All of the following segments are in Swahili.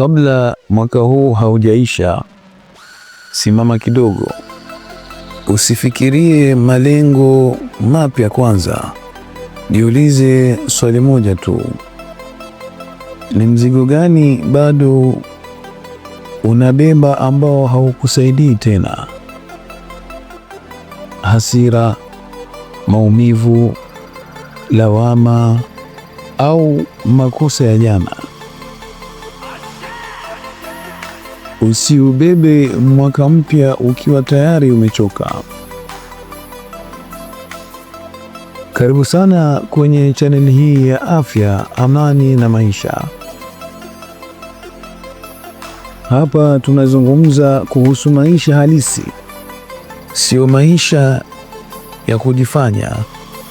Kabla mwaka huu haujaisha, simama kidogo, usifikirie malengo mapya kwanza. Jiulize swali moja tu, ni mzigo gani bado unabeba ambao haukusaidii tena? Hasira, maumivu, lawama au makosa ya jana? Usiubebe mwaka mpya ukiwa tayari umechoka. Karibu sana kwenye chaneli hii ya afya, amani na maisha. Hapa tunazungumza kuhusu maisha halisi, sio maisha ya kujifanya,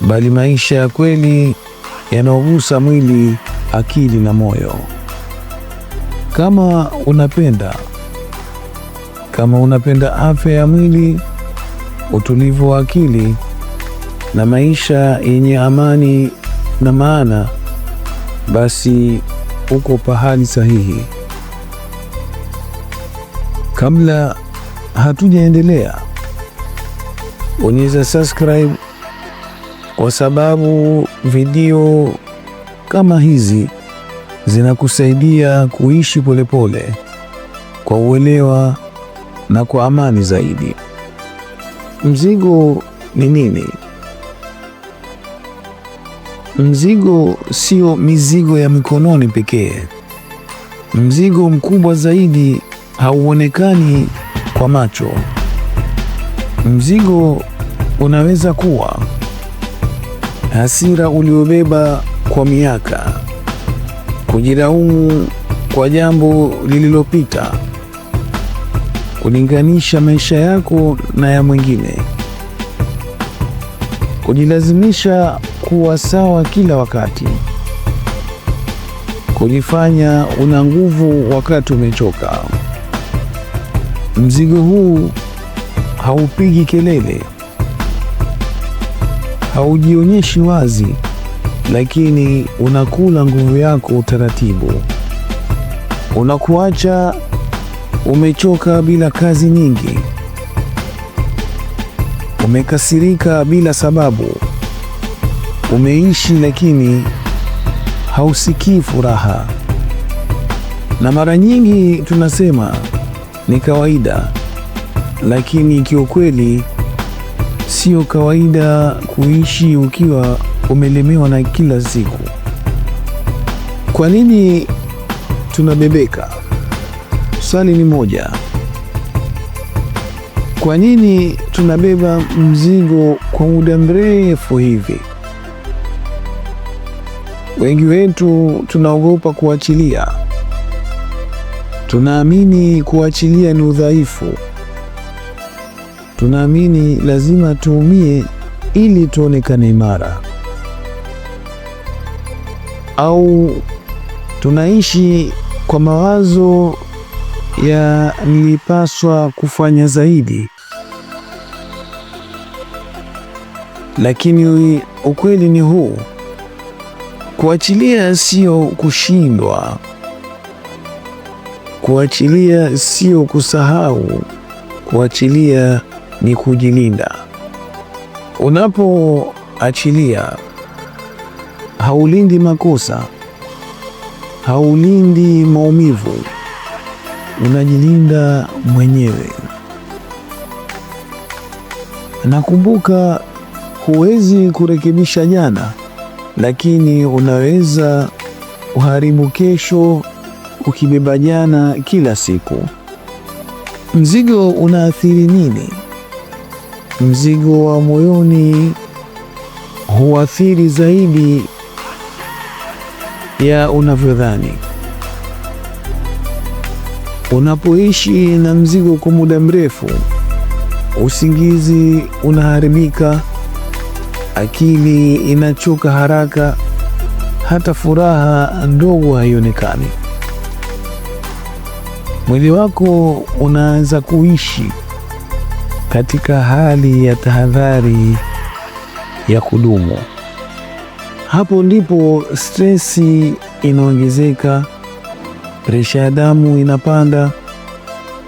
bali maisha ya kweli yanayogusa mwili, akili na moyo. Kama unapenda kama unapenda afya ya mwili, utulivu wa akili na maisha yenye amani na maana, basi uko pahali sahihi. Kabla hatujaendelea, bonyeza subscribe kwa sababu video kama hizi zinakusaidia kuishi polepole pole, kwa uelewa na kwa amani zaidi. Mzigo ni nini? Mzigo sio mizigo ya mikononi pekee. Mzigo mkubwa zaidi hauonekani kwa macho. Mzigo unaweza kuwa hasira uliobeba kwa miaka, kujilaumu kwa jambo lililopita, kulinganisha maisha yako na ya mwingine, kujilazimisha kuwa sawa kila wakati, kujifanya una nguvu wakati umechoka. Mzigo huu haupigi kelele, haujionyeshi wazi, lakini unakula nguvu yako taratibu, unakuacha Umechoka bila kazi nyingi. Umekasirika bila sababu. Umeishi lakini hausikii furaha. Na mara nyingi tunasema ni kawaida, lakini kiukweli sio kawaida kuishi ukiwa umelemewa na kila siku. Kwa nini tunabebeka? Swali ni moja, kwa nini tunabeba mzigo kwa muda mrefu hivi? Wengi wetu tunaogopa kuachilia. Tunaamini kuachilia ni udhaifu. Tunaamini lazima tuumie ili tuonekane imara, au tunaishi kwa mawazo ya nilipaswa kufanya zaidi, lakini ukweli ni huu: kuachilia sio kushindwa, kuachilia sio kusahau, kuachilia ni kujilinda. Unapoachilia haulindi makosa, haulindi maumivu unajilinda mwenyewe. Nakumbuka, huwezi kurekebisha jana, lakini unaweza uharibu kesho ukibeba jana kila siku. Mzigo unaathiri nini? Mzigo wa moyoni huathiri zaidi ya unavyodhani. Unapoishi na mzigo kwa muda mrefu, usingizi unaharibika, akili inachoka haraka, hata furaha ndogo haionekani. Mwili wako unaanza kuishi katika hali ya tahadhari ya kudumu. Hapo ndipo stresi inaongezeka, presha ya damu inapanda,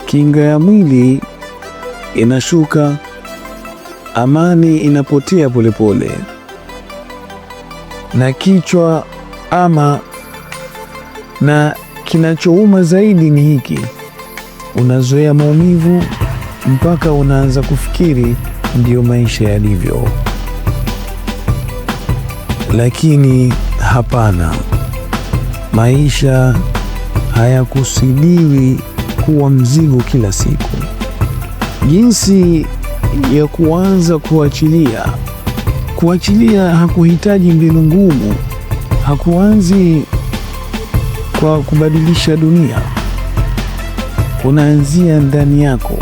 kinga ya mwili inashuka, amani inapotea polepole, na kichwa ama na kinachouma zaidi ni hiki, unazoea maumivu mpaka unaanza kufikiri ndiyo maisha yalivyo. Lakini hapana, maisha hayakusidiwi kuwa mzigo kila siku. Jinsi ya kuanza kuachilia. Kuachilia hakuhitaji mbinu ngumu, hakuanzi kwa kubadilisha dunia. Kunaanzia ndani yako.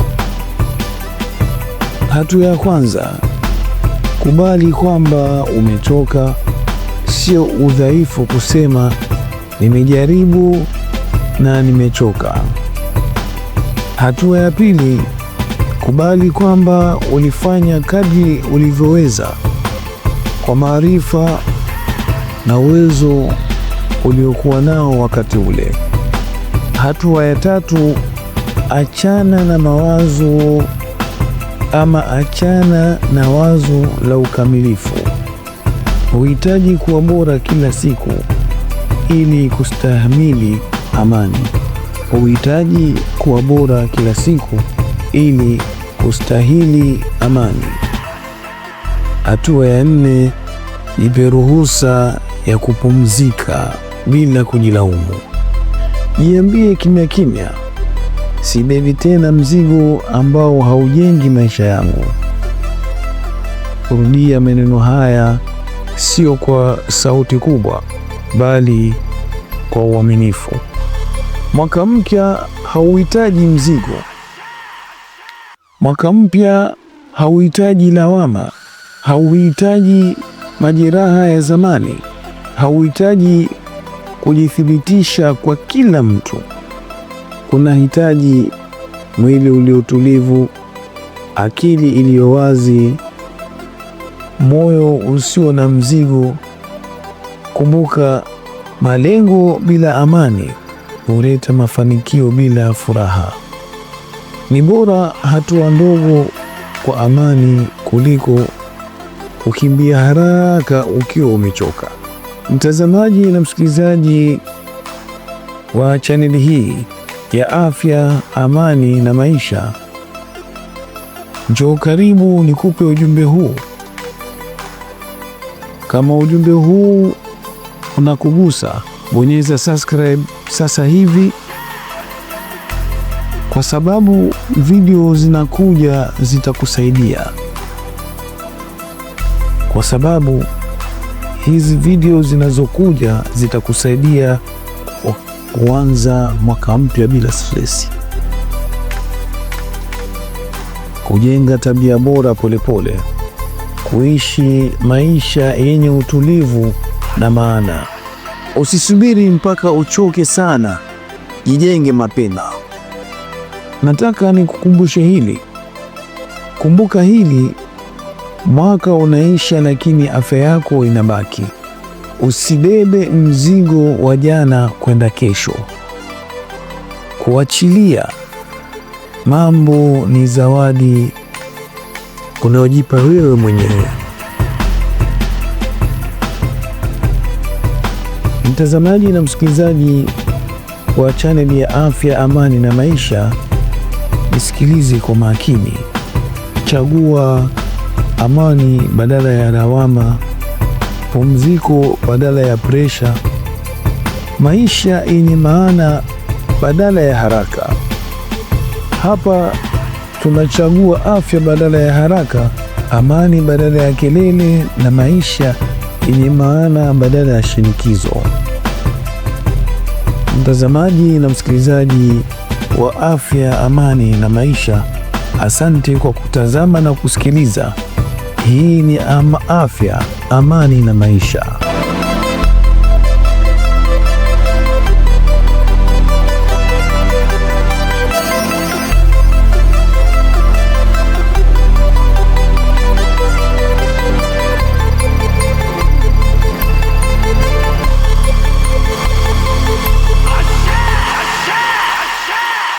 Hatua ya kwanza, kubali kwamba umechoka. Sio udhaifu kusema nimejaribu na nimechoka. Hatua ya pili, kubali kwamba ulifanya kadri ulivyoweza kwa maarifa na uwezo uliokuwa nao wakati ule. Hatua ya tatu, achana na mawazo ama achana na wazo la ukamilifu. Huhitaji kuwa bora kila siku ili kustahimili amani. Huhitaji kuwa bora kila siku ili kustahili amani. Hatua ya nne, jipe ruhusa ya kupumzika bila kujilaumu. Jiambie kimya kimya, sibebi tena mzigo ambao haujengi maisha yangu. Kurudia maneno haya sio kwa sauti kubwa, bali kwa uaminifu. Mwaka mpya hauhitaji mzigo. Mwaka mpya hauhitaji lawama, hauhitaji majeraha ya zamani, hauhitaji kujithibitisha kwa kila mtu. Kunahitaji mwili uliotulivu, akili iliyo wazi, moyo usio na mzigo. Kumbuka, malengo bila amani huleta mafanikio bila furaha. Ni bora hatua ndogo kwa amani kuliko kukimbia haraka ukiwa umechoka. Mtazamaji na msikilizaji wa chaneli hii ya afya, amani na maisha, njoo karibu nikupe ujumbe huu. Kama ujumbe huu unakugusa bonyeza subscribe sasa hivi, kwa sababu video zinakuja zitakusaidia, kwa sababu hizi video zinazokuja zitakusaidia kuanza mwaka mpya bila stresi, kujenga tabia bora polepole pole, kuishi maisha yenye utulivu na maana. Usisubiri mpaka uchoke sana, jijenge mapema. Nataka nikukumbushe hili, kumbuka hili, mwaka unaisha, lakini afya yako inabaki. Usibebe mzigo wa jana kwenda kesho. Kuachilia mambo ni zawadi unayojipa wewe mwenyewe. Mtazamaji na msikilizaji wa chaneli ya afya, amani na maisha, nisikilize kwa makini. Chagua amani badala ya lawama, pumziko badala ya presha, maisha yenye maana badala ya haraka. Hapa tunachagua afya badala ya haraka, amani badala ya kelele, na maisha yenye maana badala ya shinikizo. Mtazamaji na msikilizaji wa Afya, Amani na Maisha, asante kwa kutazama na kusikiliza. Hii ni ama Afya, Amani na Maisha.